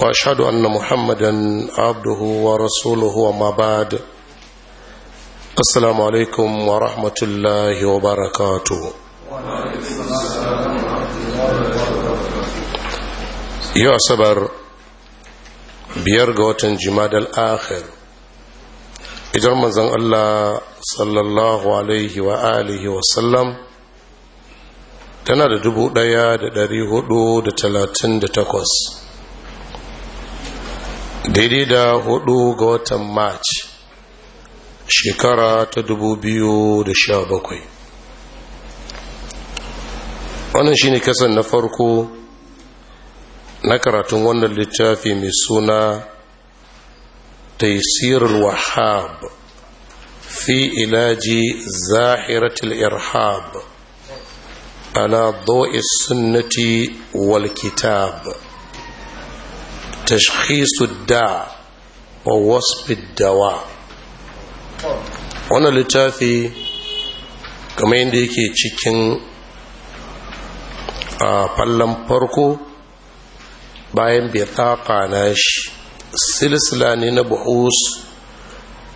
واشهد ان محمدا عبده ورسوله وما بعد السلام عليكم ورحمه الله وبركاته yau asabar biyar ga watan jimadal akhir idan manzon Allah sallallahu alaihi wa alihi wa sallam tana da dubu ɗaya da dari hudu da talatin da takwas daidai da hudu ga watan march shekara ta dubu biyu da sha bakwai wannan shine kasan na farko na karatun wannan littafi mai suna taisirul wahab fi ilaji zahiratul irhab ana do'is sunnati wal kitab tashkhisu da wa wasfi wannan littafi kamar yadda yake cikin a fallon farko bayan bitaka na shi silsila ne na bu'us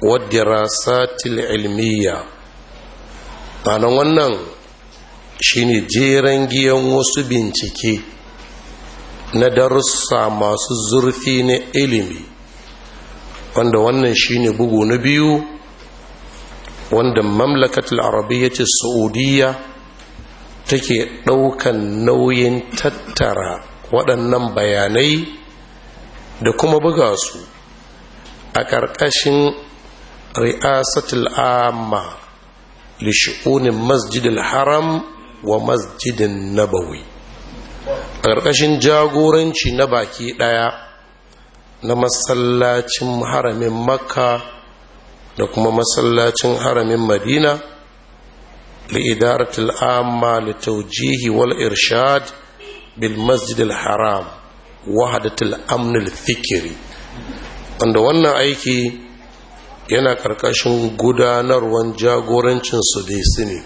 wadirasatil ilmiya ma'anan wannan shine jeran giyan wasu bincike na darussa masu zurfi na ilimi wanda wannan shine bugu na biyu wanda mamlakatul arabiyyaci saudiya take ɗaukan nauyin tattara waɗannan bayanai da kuma buga su a ƙarƙashin ri'asatul amma lishu'unin masjidil haram wa masjidin nabawi ƙarƙashin jagoranci na baki ɗaya na masallacin haramin makka da kuma masallacin haramin madina li'idaratul amma taujihi wal irshad bil masjidil haram wahadatul amnul fikiri wanda wannan aiki yana ƙarƙashin gudanarwan jagorancin su ne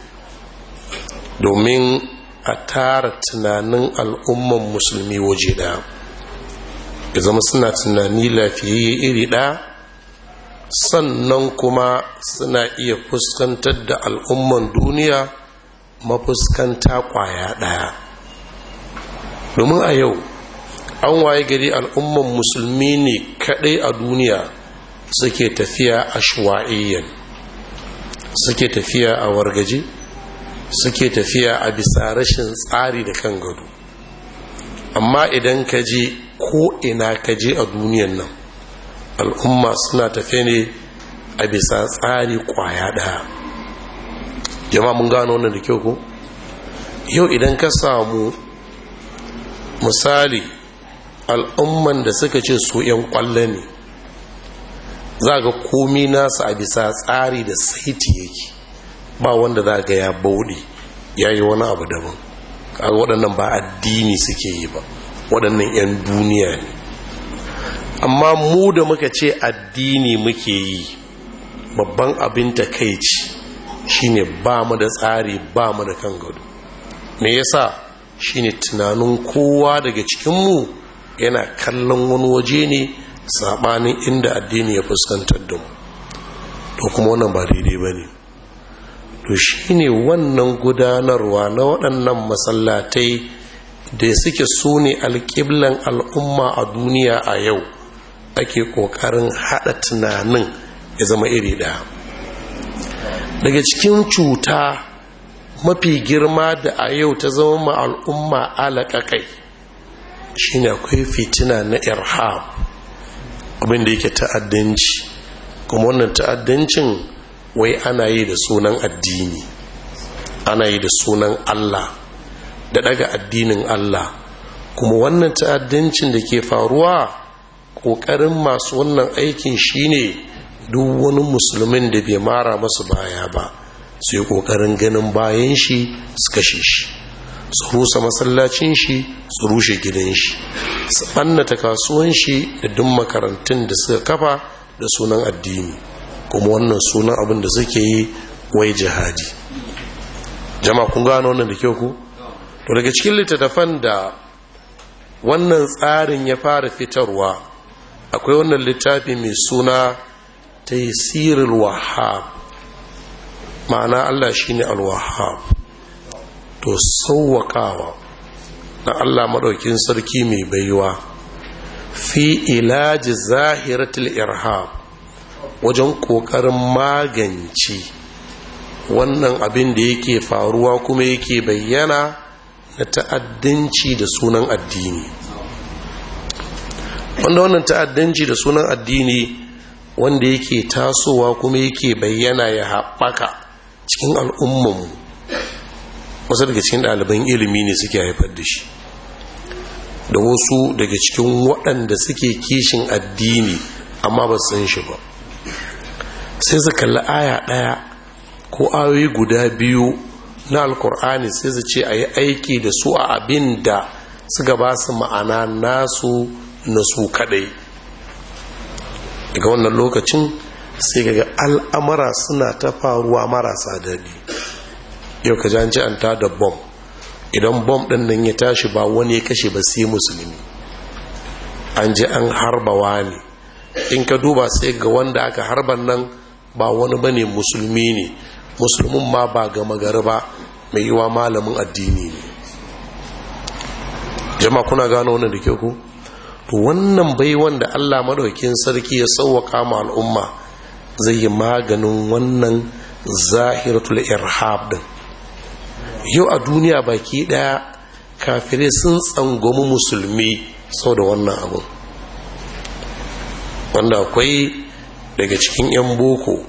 domin a tara tunanin al'umman musulmi waje ɗaya ya zama suna tunani lafiyayye iri ɗaya sannan kuma suna iya fuskantar da al'umman duniya mafuskanta ƙwaya ɗaya domin a yau an waye gari al'umman musulmi ne kaɗai a duniya suke tafiya a shuwa'iyyan suke tafiya a wargaji suke tafiya a bisa rashin tsari da kan gado amma idan ka je ko ina ka je a duniyan nan al'umma suna tafi ne a bisa tsari kwaya ɗaya Jam'a mun gano wannan da kyau ko yau idan ka samu misali al'umman da suka ce su 'yan kwallo ne za ga komi nasa a bisa tsari da saiti yake ba wanda za ga ya bauɗe ya yi wani abu daban kaga waɗannan ba addini suke yi ba waɗannan 'yan duniya ne amma mu da muka ce addini muke yi babban abin ta shi ne, ba mu da tsari ba mu da kan gado me yasa shine tunanin kowa daga cikinmu yana kallon wani waje ne saɓanin inda addini ya fuskantar da mu to kuma wannan ba daidai ba ne to shine wannan gudanarwa na waɗannan masallatai da suke su ne alƙiblan al'umma a duniya a yau ake ƙoƙarin haɗa tunanin ya zama iri ɗaya daga cikin cuta mafi girma da a yau ta zama ma al'umma alaƙaƙai shine akwai fitina na irhab abinda yake ta'addanci kuma wannan ta'addancin wai ana yi da sunan addini ana yi da sunan allah da daga addinin allah kuma wannan ta'addancin da ke faruwa ƙoƙarin masu wannan aikin shine duk wani musulmin da bai mara masu baya ba su yi ƙoƙarin ganin bayan shi su kashe shi su rusa masallacin shi su rushe gidan shi su ɓannata kasuwan shi da duk makarantun da suka kafa da sunan addini kuma wannan sunan abin da suke yi wai jihadi jama kun gano wannan da kyau ku to daga cikin littattafan da wannan tsarin ya fara fitarwa akwai wannan littafi mai suna ta taysirul wahab ma'ana Allah shine ne alwahab to sauwaƙawa na Allah maɗaukin sarki mai baiwa fi ilaji zahiratul irhab wajen ƙoƙarin magance wannan abin da yake faruwa kuma yake bayyana na ta'addanci da sunan addini wanda wannan ta'addanci da sunan addini wanda yake tasowa kuma yake bayyana ya haɓaka cikin al'ummanmu wasu daga cikin ɗaliban ilimi ne suke haifar da shi da wasu daga cikin waɗanda suke kishin addini amma ba san shi ba sai su kalli aya ɗaya ko ayoyi guda biyu na alkur'ani sai su ce a yi aiki da su a abin da suka ba su ma'ana nasu na su kaɗai daga wannan lokacin sai ga al'amara suna ta faruwa marasa daɗi yau ka ji an ta da bom idan bom ɗin nan ya tashi ba wani ya kashe ba sai musulmi an ji an harbawa wani in ka duba sai ga wanda aka harban nan ba wani ba ne musulmi ne musulmin ma ba gama gari ba mai yiwa malamin addini ne jama kuna gano wannan da ke ku wannan bai wanda Allah maɗaukin sarki ya sauwaka ma al'umma zai yi maganin wannan zahiratul irhab din yau a duniya baki ɗaya kafirai sun tsangwami musulmi sau da wannan abu wanda akwai daga cikin 'yan boko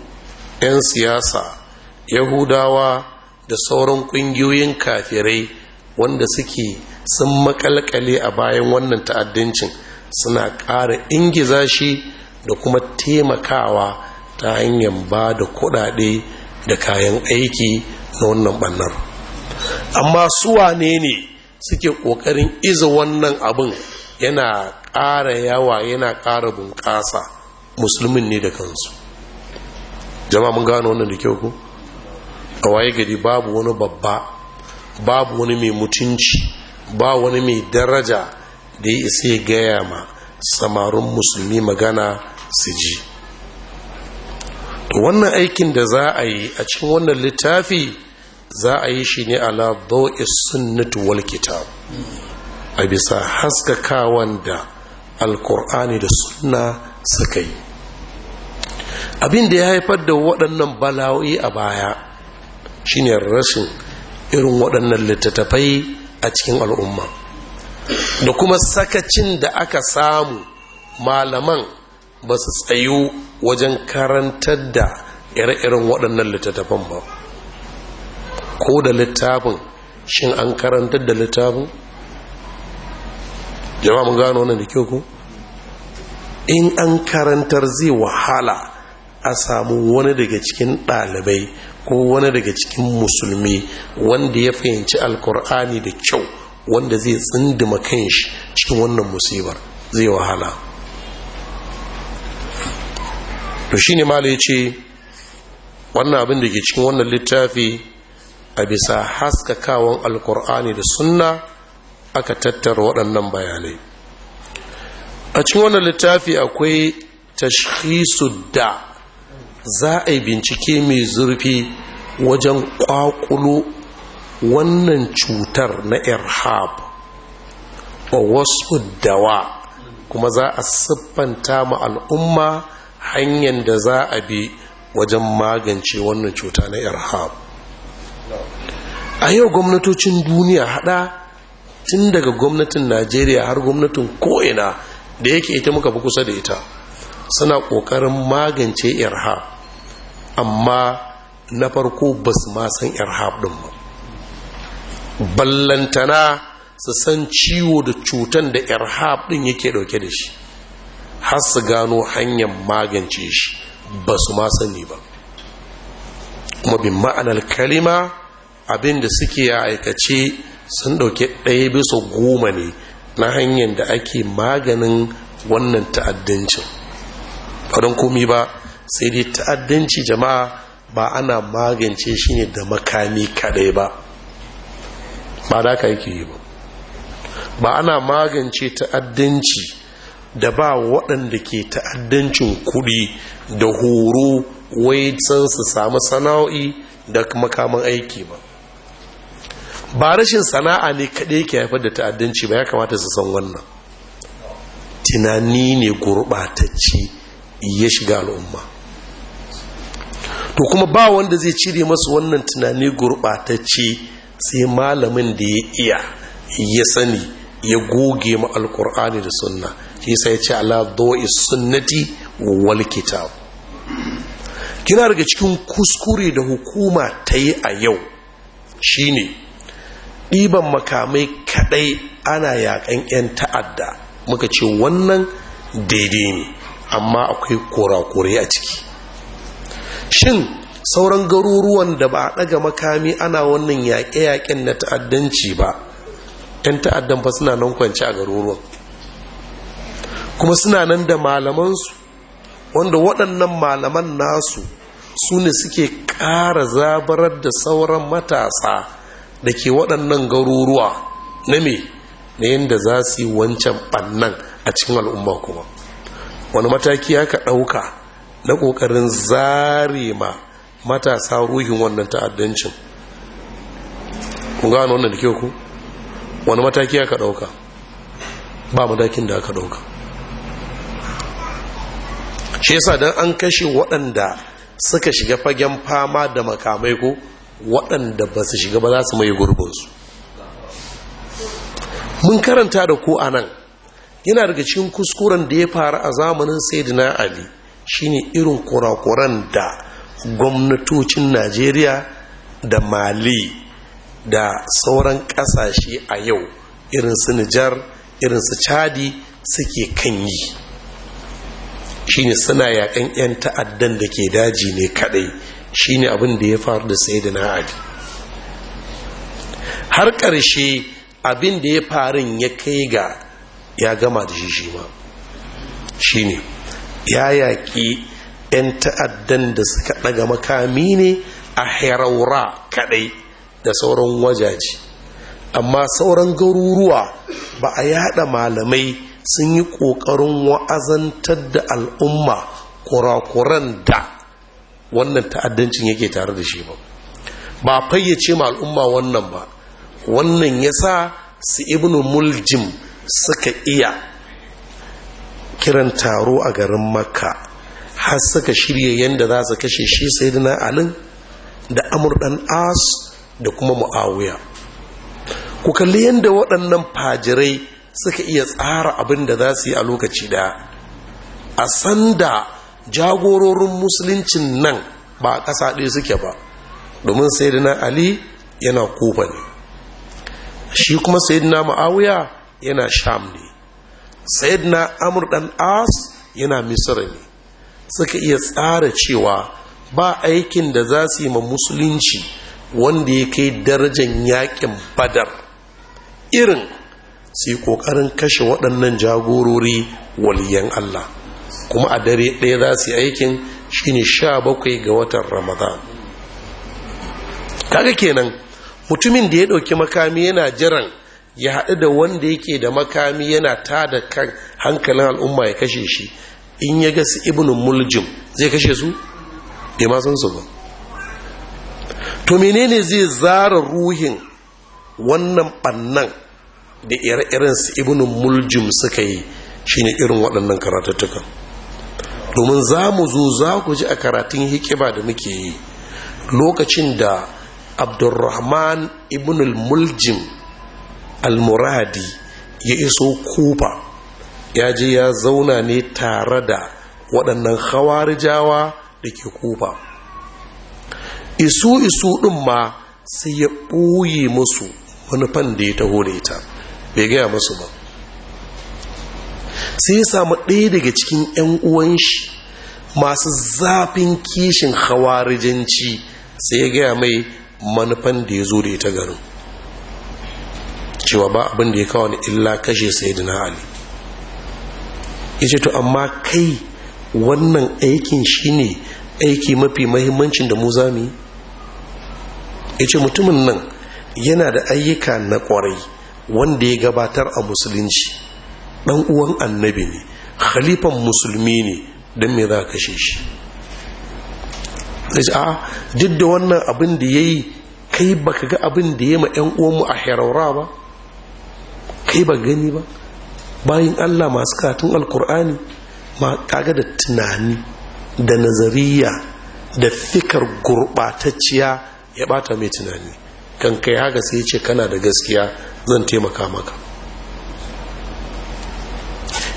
'yan siyasa yahudawa da sauran ƙungiyoyin kafirai wanda suke sun makalkale a bayan wannan ta'addancin suna ƙara ingiza shi da kuma taimakawa ta hanyar ba da kuɗaɗe da kayan aiki na wannan ɓannar amma suwa ne ne suke ƙoƙarin iza wannan abin yana ƙara yawa yana ƙara bunƙasa musulmin ne da kansu jama'a mun gano wannan da kyau ko a waye gari babu wani babba babu wani mai mutunci ba wani mai daraja da ya isa ya gaya ma samarin musulmi magana su ji wannan aikin da za a yi a cikin wannan littafi za a yi shi ne ala da'i sunnat wal kitab a bisa haskakawan da alkur'ani da sunna suka yi abin da ya haifar da waɗannan bala'o'i a baya shine rashin irin waɗannan littattafai a cikin al'umma da kuma sakacin da aka samu malaman ba su tsayo wajen karantar da ire-iren waɗannan littattafan ba ko da littafin shin an karantar da littafin jama'a mun gano wannan da kyau ku in an karantar zai wahala a samu wani daga cikin ɗalibai ko wani daga cikin musulmi wanda ya fahimci alkur'ani da kyau wanda zai tsindima kanshi cikin wannan musibar zai wahala to shine malai ce wannan abin da ke cikin wannan littafi a bisa haskakawan alkur'ani da sunna aka tattara waɗannan bayanai a cikin wannan littafi akwai tashkisu da' za a yi bincike mai zurfi wajen kwakulo wannan cutar na irhab wa wasu dawa kuma za a siffanta ma al'umma hanyar da za a bi wajen magance wannan cuta na irhab a yau gwamnatocin duniya hada tun daga gwamnatin najeriya har gwamnatin ko'ina da yake ita muka fi kusa da ita suna ƙoƙarin magance irhab amma na farko ba su ma san irhab ɗin ba ballantana su san ciwo da cutan da irhab ɗin yake ɗauke da shi har su gano hanyar magance shi ba su ma sani ba kuma bin ma'anar kalima abin da suke ya aikace sun ɗauke ɗaya bisa goma ne na hanyar da ake maganin wannan ta'addancin kwadon komi ba sai dai ta'addanci jama'a ba ana magance shi ne da makami kadai ba ba da ka yake yi ba ba ana magance ta'addanci da ba waɗanda ke ta'addancin kuɗi da horo wai san su samu sana'o'i da makaman aiki ba ba rashin sana'a ne kaɗai ke haifar da ta'addanci ba ya kamata su san wannan tunani ne gurɓatacce ya shiga al'umma to kuma ba wanda zai cire masu wannan tunani gurɓatacce sai malamin da ya iya ya sani ya goge ma alkur'ani da sunna shi sai ce ala doi sunnati wal kitab kina daga cikin kuskure da hukuma ta yi a yau shine ɗiban makamai kaɗai ana yaƙan 'yan ta'adda muka ce wannan daidai ne amma akwai kurakurai a ciki shin sauran garuruwan da ba a daga makami ana wannan yaƙe-yaƙen na ta'addanci ba 'yan ta'addan ba suna nan kwanci a garuruwan kuma suna nan da malamansu wanda waɗannan malaman nasu su ne suke ƙara zabarar da sauran matasa da ke waɗannan garuruwa na me na yadda za su yi wancan ɓannan a cikin al'umma kuma wani mataki ya ka ɗauka na ƙoƙarin zare ma matasa ruhin wannan ta'addancin kun gano wannan da ke ku wani mataki ya ka ɗauka ba matakin da aka ɗauka shi yasa don an kashe waɗanda suka shiga fagen fama da makamai ko waɗanda ba su shiga ba za su mai gurbinsu mun karanta da ku a nan yana daga cikin kuskuren da ya faru a zamanin saidina ali shine irin kurakuran da gwamnatocin najeriya da mali da sauran kasashe a yau irin su nijar irin su chadi suke kan yi shine suna yaƙan 'yan ta'addan da ke daji ne kadai shine abin da ya faru da saidina ali har ƙarshe abin da ya farin ya kai ga ya gama da shi shi ma shi ne ya yaƙi 'yan ta'addan da suka ɗaga makami ne a heraura kaɗai da sauran wajaji amma sauran garuruwa ba a yada malamai sun yi ƙoƙarin wa'azantar da al'umma kurakuran da wannan ta'addancin yake tare da shi ba ba fayyace ma al'umma wannan ba wannan ya sa su ibnu muljim suka iya kiran taro a garin makka har suka shirya yadda za su kashe shi sayidina alin da amurdan as da kuma mu'awiya ku kalli yadda waɗannan fajirai suka iya tsara abin da za su yi a lokaci da a sanda jagororin musuluncin nan ba a ƙasa ɗaya suke ba domin sayidina ali yana kofa ne shi kuma sayidina ma'awiya yana sham ne sayyidina amur dan as yana misira ne suka iya tsara cewa ba aikin da za su yi ma musulunci wanda ya kai darajar yakin badar irin su yi kokarin kashe waɗannan jagorori waliyan allah kuma a dare ɗaya za su yi aikin shine sha bakwai ga watan ramadan kaga kenan mutumin da ya ɗauki makami yana jiran ya haɗu da wanda yake da makami yana ta da kan hankalin al'umma ya kashe shi in ya ga su muljim zai kashe su bai ma su ba to menene zai zara ruhin wannan ɓannan da ire-iren su Ibn muljim suka yi shine irin waɗannan karatattukan domin za mu zo za ku ji a karatun hikima da muke yi lokacin da Abdulrahman ibn muljim almuradi ya iso kufa ya je ya zauna ne tare da waɗannan hawarijawa da ke kufa isu isu ɗin ma sai ya ɓoye musu manufan da ya taho da ita bai gaya musu ba sai ya samu ɗaya daga cikin 'yan uwan shi masu zafin kishin hawarijanci sai ya gaya mai manufan da ya zo da ita garin cewa ba abin da ya kawo ni illa kashe sayyidina ali yace to amma kai wannan aikin shine aiki mafi mahimmancin da mu zamu yi yace mutumin nan yana da ayyuka na kwarai wanda ya gabatar a musulunci dan uwan annabi ne khalifan musulmi ne don me za kashe shi a duk da wannan abin da yayi kai baka ga abin da ya ma 'yan uwanmu a hirawra ba kai ba gani ba bayan allah masu katun alkur'ani ma kaga da tunani da nazariya da fikar gurɓatacciya ya bata mai tunani kan kai haka sai ce kana da gaskiya zan taimaka maka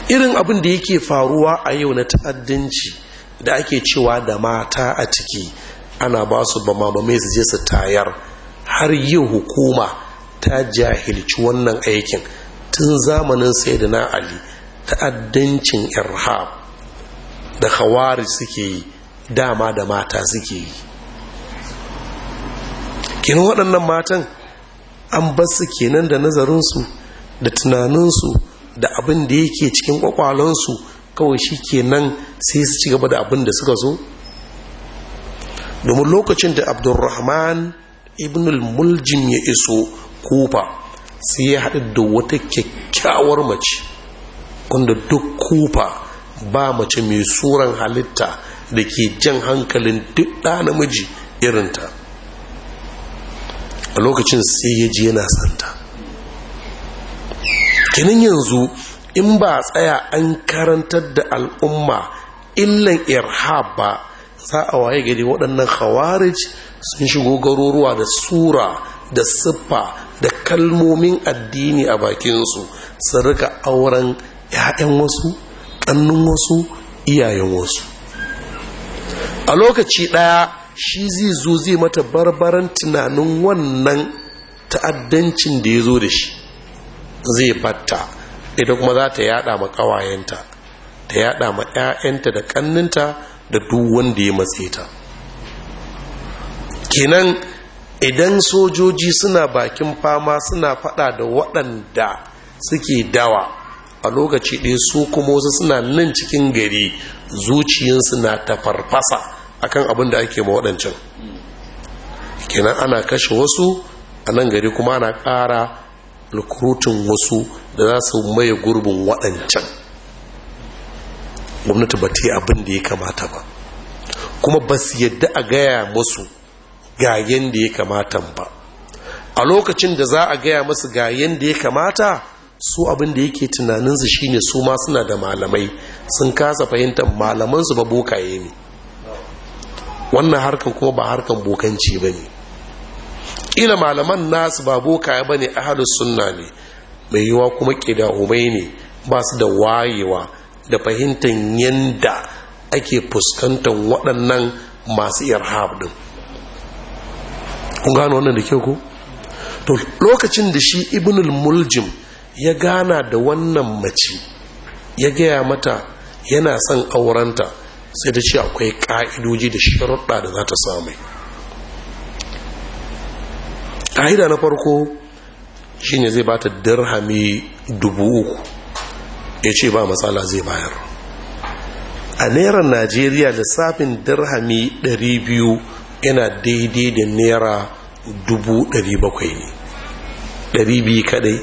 irin abin da yake faruwa a yau na ta'addanci da ake cewa da mata a ciki ana ba su ba mamame su je su tayar har yi hukuma ta jahilci wannan aikin tun zamanin na ali ta'addancin irhab da Hawari suke yi dama da mata suke yi kenan waɗannan matan an basu kenan da nazarinsu da tunaninsu da abin da yake cikin ƙwaƙwalonsu kawai shi kenan sai su ci gaba da abin da suka zo domin lokacin da abdulrahman ibn muljim ya iso kufa sai ya haɗu da wata kyakkyawar mace wanda duk kufa ba mace mai tsoron halitta da ke jan hankalin duk ɗa namiji irinta a lokacin sai ya ji yana santa kinin yanzu in ba tsaya an karantar da al'umma illan irhab ba za a waye gari waɗannan khawarij sun shigo garuruwa da sura da siffa da kalmomin addini a bakinsu su rika auren 'ya'yan wasu ƙannun wasu iyayen wasu a lokaci ɗaya shi zai zo zai mata barbaran tunanin wannan ta'addancin da ya zo da shi zai batta idan kuma za ta yada ma ƙawayenta ta yada ma 'ya'yanta da ƙanninta da duk wanda ya matse ta kenan idan sojoji suna bakin fama suna fada da waɗanda suke dawa a lokaci ɗaya su kuma wasu suna nan cikin gari zuciyinsu na tafarfasa akan abin da ake ma waɗancan kenan ana kashe wasu a nan gari kuma ana ƙara lukurutun wasu da za su maye gurbin waɗancan gwamnati ba ta yi abin da ya kamata ba kuma ba su yadda a gaya musu ga da ya kamata ba a lokacin da za a gaya masu gayen da ya kamata su abin da yake tunaninsu shine su ma suna da malamai sun kasa fahimtar malamansu ba bokaye ne wannan harkar kuma ba harkar bokanci ba ne ila malaman nasu ba bokaye ba ne ahalus sunna ne mai yiwa kuma umai ne ba su da wayewa da fahimtar yadda ake fuskantar waɗannan masu irhab ɗin kun gano wannan da kyau ko to lokacin da shi ibnul muljim ya gana da wannan mace ya gaya mata yana son aurenta sai da shi akwai ka'idoji da sharuɗa da za ta samu ƙa'ida na farko shi ne zai bata dirhami dubu uku ya ce ba matsala zai bayar a nairar najeriya lissafin dirhami biyu. yana daidai da naira dubu ɗari bakwai ne ɗari biyu kaɗai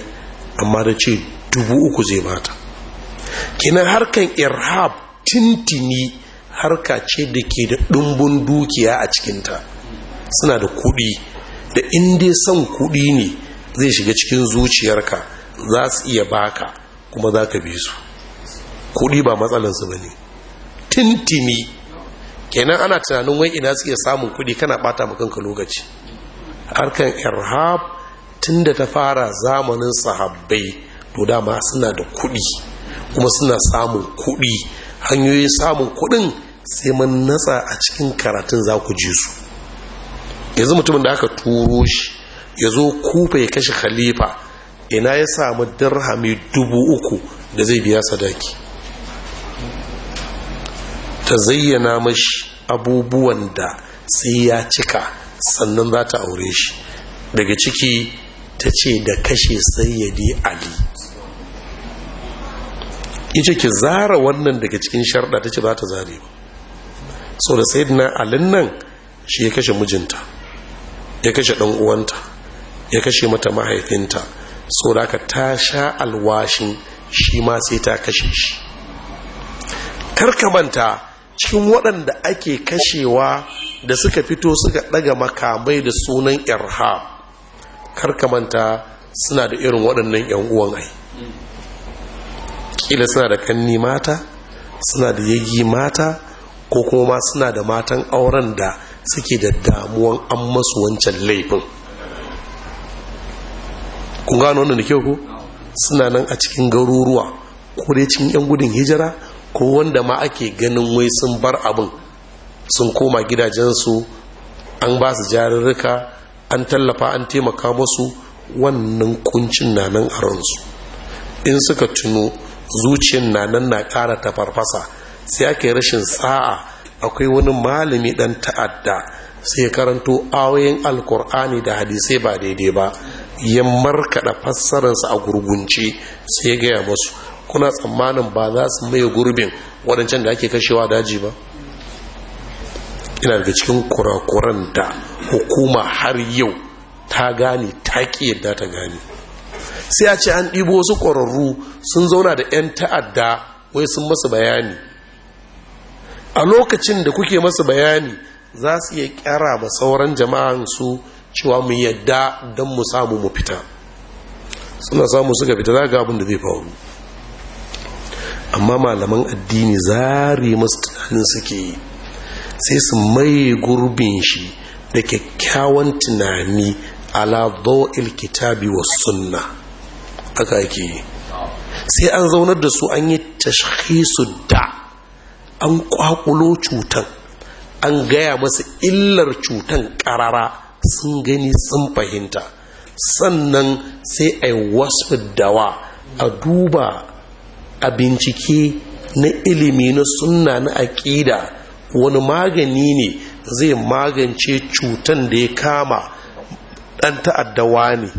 amma da ce dubu uku zai bata Kina harkan irhab tintini harka ce da ke da ɗumbun dukiya a cikinta suna da kuɗi da inda son kuɗi ne zai shiga cikin zuciyarka za su iya baka kuma za ka bi su kuɗi ba matsalansu ba ne tintini kenan ana tunanin wai ina suke samun kuɗi kana bata ma kanka lokaci harkan irhab tunda ta fara zamanin sahabbai to dama suna da kuɗi kuma suna samun kuɗi hanyoyin samun kuɗin sai mun natsa a cikin karatun za ku ji su yanzu mutumin da aka turo shi ya zo kufa ya kashe khalifa ina ya samu dirhami dubu uku da zai biya sadaki ta zayyana mashi abubuwan da sai ya cika sannan za ta aure shi daga ciki ta ce da kashe sayyadi ali ita ki zara wannan daga cikin sharda ta ce ba ta zare ba so da sayyidina alin nan shi ya kashe mijinta ya kashe ɗan uwanta ya kashe mata mahaifinta so da ta sha alwashin shi ma sai ta kashe shi karkamanta cikin waɗanda ake kashewa da suka fito suka ɗaga makamai da sunan irhab karkamanta suna da irin waɗannan 'yan uwan ai ƙila suna da kanni mata suna da yagi mata ko kuma ma suna da matan auren da suke da damuwan an masu wancan laifin kun gano wannan da kyau ku suna nan a cikin garuruwa ko dai cikin 'yan gudun hijira ko wanda ma ake ganin wai sun bar abin sun koma gidajensu an ba su jarurruka an tallafa an taimaka musu wannan kuncin nanan nan a ransu in suka tuno zuciyar nanan na ƙara ta farfasa sai ake rashin sa'a akwai wani malami ɗan ta'adda sai karanto ayoyin alkur'ani da hadisai ba daidai ba ya markaɗa fassararsa a gurgunce sai ya gaya musu kuna tsammanin ba za su maye gurbin waɗancan da ake kashewa daji ba ina daga cikin kurakuran da hukuma har yau ta gane ta ƙi yadda ta gane sai a ce an ɗibo su ƙwararru sun zauna da 'yan ta'adda wai sun masu bayani a lokacin da kuke masu bayani za su iya kyara ma sauran jama'an su cewa mu yadda don mu samu mu fita suna samu suka fita za ga abin da zai faru amma malaman addini zari masu tunanin suke yi sai su mai gurbin shi da kyakkyawan tunani ala zo'il kitabi wa sunna aka ake yi sai an zaunar da su an yi tashkisu da an kwakulo cutan an gaya masu illar cutan karara sun gani sun fahimta sannan sai a yi wasu dawa a duba a bincike na ilimi na sunna na aƙida wani magani ne zai magance cutan da ya kama ɗan ta'addawa ne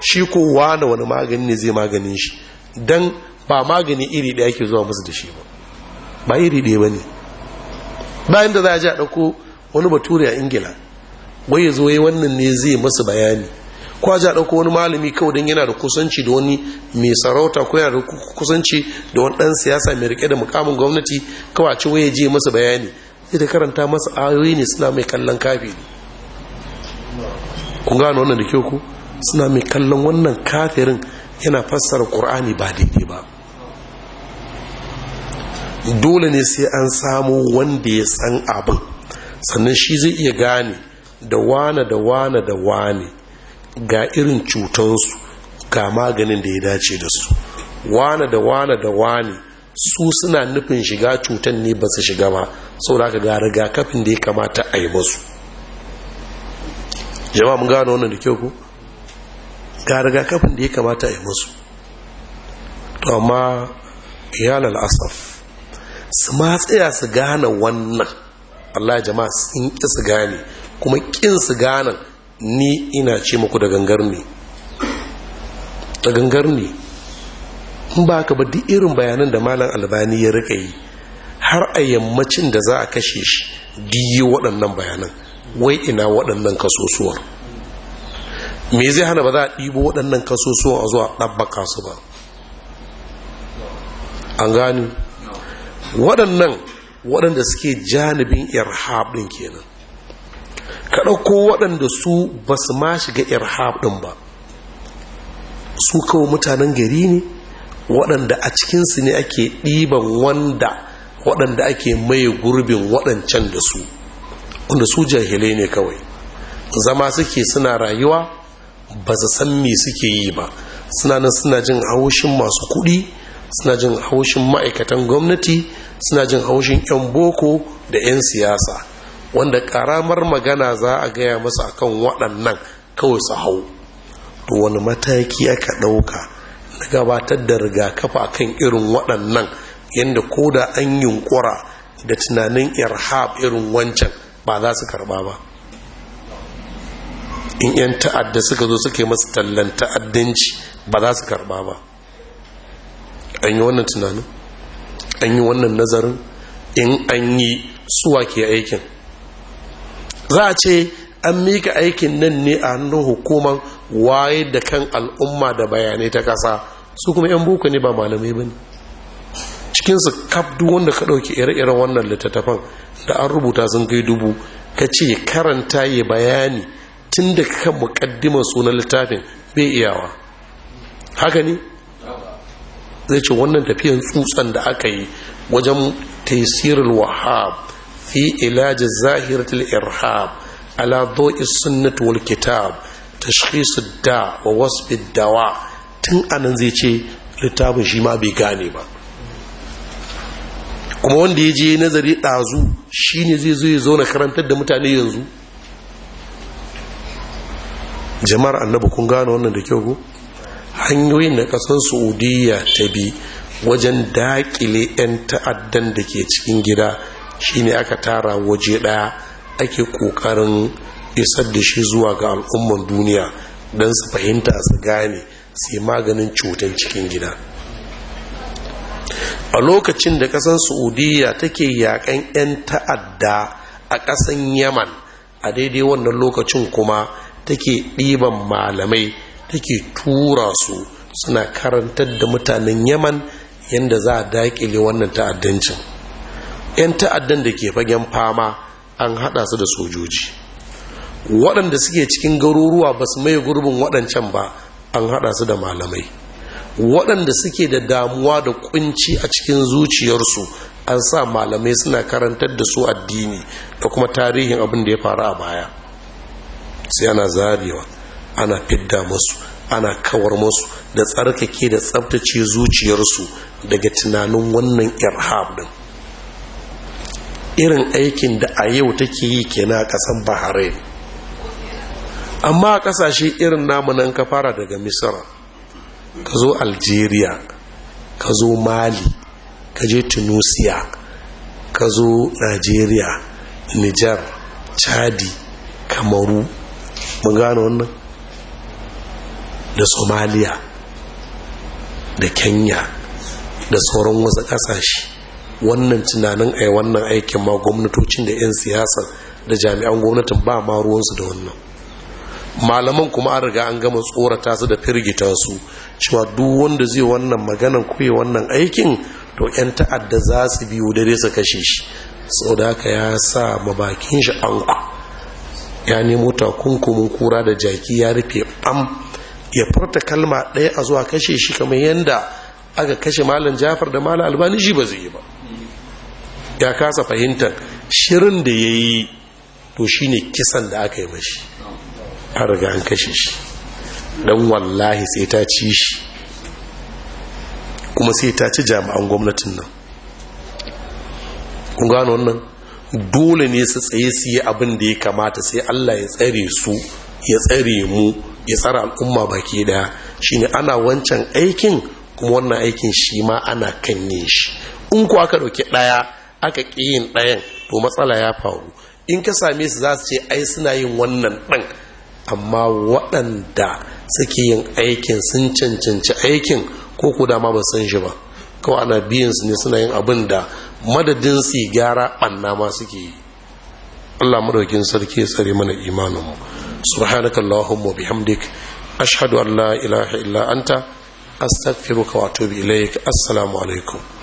shi ko wane wani magani ne zai magani shi don ba magani iri ɗaya ke zuwa musu da shi ba ba iri ɗaya ba ne bayan da za a ji a ɗauko wani bature a ingila wai ya zo yi wannan ne zai masu bayani ko a ɗauko wani malami kawai don yana da kusanci da wani mai sarauta ko yana da kusanci da wani ɗan siyasa mai rike da mukamin gwamnati kawai a ci waye je masa bayani sai da karanta masa ayoyi ne suna mai kallon kafi ne kun gano wannan da kyau ku suna mai kallon wannan kafirin yana fassara qur'ani ba daidai ba dole ne sai an samu wanda ya san abin sannan shi zai iya gane da wane da wane da wane ga irin cutansu ga maganin da ya dace da su wane da wane da wane su suna nufin shiga cutan ne ba su shiga ba sau da aka ga rigakafin da ya kamata a yi masu jama'a mun gano wannan da kyau ku ga rigakafin da ya kamata a yi masu to amma iyalal asaf su ma tsaya su gane wannan Allah jama'a sun ƙi su gane kuma ƙin su ganan ni ina ce muku da gangar ne da gangar ne in ba ka ba irin bayanan da malam albani ya rika yi har a yammacin da za a kashe shi diyi waɗannan bayanan wai ina waɗannan kasosuwar me zai hana ba za a ɗibo waɗannan kasosuwar a zuwa ɗabbaka su ba an gani waɗannan waɗanda suke janibin irhab ɗin kenan ka ɗauko waɗanda su ba su ma shiga irhab ɗin ba su kawo mutanen gari ne waɗanda a cikinsu ne ake ɗiban wanda waɗanda ake mai gurbin waɗancan da su wanda su jahilai ne kawai zama suke suna rayuwa ba su san me suke yi ba suna nan suna jin haushin masu kuɗi suna jin haushin ma'aikatan gwamnati suna jin haushin 'yan boko da 'yan siyasa wanda karamar magana za a gaya masa akan waɗannan kawai su hau to wani mataki aka ɗauka na gabatar da rigakafa akan irin waɗannan yadda ko da an yunkura da tunanin irhab irin wancan ba za su karba ba in 'yan ta'adda suka zo suke masu tallan ta'addanci ba za su karba ba an yi wannan tunanin an yi wannan nazarin in an yi suwa ke aikin za a ce an mika aikin nan ne a hannun hukuman waye da kan al'umma da bayanai ta ƙasa su kuma 'yan boko ne ba malamai ba ne cikinsu kaf duk wanda ka ɗauki ire-iren wannan littattafan da an rubuta sun kai dubu ka ce karanta ya bayani tun da kan muƙaddimar sunan littafin bai iyawa haka ne zai ce wannan tafiyan tsutsan da aka yi wajen tasirin wahab fi ilaji zahiratul irhab ala do'i sunnat wal kitab tashkhisu da wa wasfi tun anan zai ce littafin shi ma bai gane ba kuma wanda ya je nazari ɗazu shi ne zai zo ya zauna karantar da mutane yanzu jama'ar annabi kun gane wannan da kyau ko hanyoyin da kasan saudiya ta bi wajen daƙile 'yan ta'addan da ke cikin gida shine aka tara waje ɗaya ake ƙoƙarin isar da shi zuwa ga al'umman duniya don su fahimta su gane sai maganin cutar cikin gida a lokacin da ƙasar saudiya take yakan 'yan ta'adda a ƙasan yaman a daidai wannan lokacin kuma take ɗiban malamai take tura su suna karantar da mutanen yaman yadda za a daƙile wannan ta'addancin 'yan ta'addan da ke fagen fama an hada su da sojoji waɗanda suke cikin garuruwa ba su mai gurbin waɗancan ba an hada su da malamai waɗanda suke da damuwa da kunci a cikin zuciyarsu an sa malamai suna karantar da su addini da kuma tarihin abin da ya faru a baya sai ana zarewa ana fidda musu ana kawar musu da tsarkake da tsabtace zuciyarsu daga tunanin wannan irhab din irin aikin da a yau take yi kenan a ƙasan bahrain amma a ƙasashe irin namunan ka fara daga misira ka zo algeria ka zo mali ka je tunisia ka zo nigeria niger chadi kamaru mun gano wannan da somalia da kenya da sauran wasu ƙasashe wannan tunanin yi wannan aikin ma gwamnatocin da 'yan siyasa da jami'an gwamnatin ba ma ruwansu da wannan malaman kuma an riga an gama tsorata su da firgita su cewa duk wanda zai wannan maganan kuye wannan aikin to 'yan ta'adda za su biyu dare su kashe shi sau da haka ya sa mabakin shi an ya nemo takunkumin kura da jaki ya rufe am ya furta kalma ɗaya a zuwa kashe shi kamar yadda aka kashe malam jafar da malam albani shi ba zai yi ba ya kasa fahimtar shirin da ya yi to shi ne kisan da aka yi mashi an riga an kashe shi don wallahi sai ta ci shi kuma sai ta ci jami'an gwamnatin nan kun gano wannan dole ne su tsaye su yi abin da ya kamata sai allah ya tsare su ya tsare mu ya tsara al'umma baki daya Shin ana wancan aikin kuma wannan aikin shi ma ana kan shi in ku aka ɗauki ɗaya aka ƙi yin ɗayan to matsala ya faru in ka same su za su ce ai suna yin wannan ɗan amma waɗanda suke yin aikin sun cancanci aikin ko ko dama ba san shi ba kawai ana biyan su ne suna yin abin da madadin su gyara ɓanna ma suke yi Allah madaukin sarki ya tsare mana imanin mu subhanaka allahumma bihamdik ashhadu an la ilaha illa anta astaghfiruka wa atubu ilaik assalamu alaikum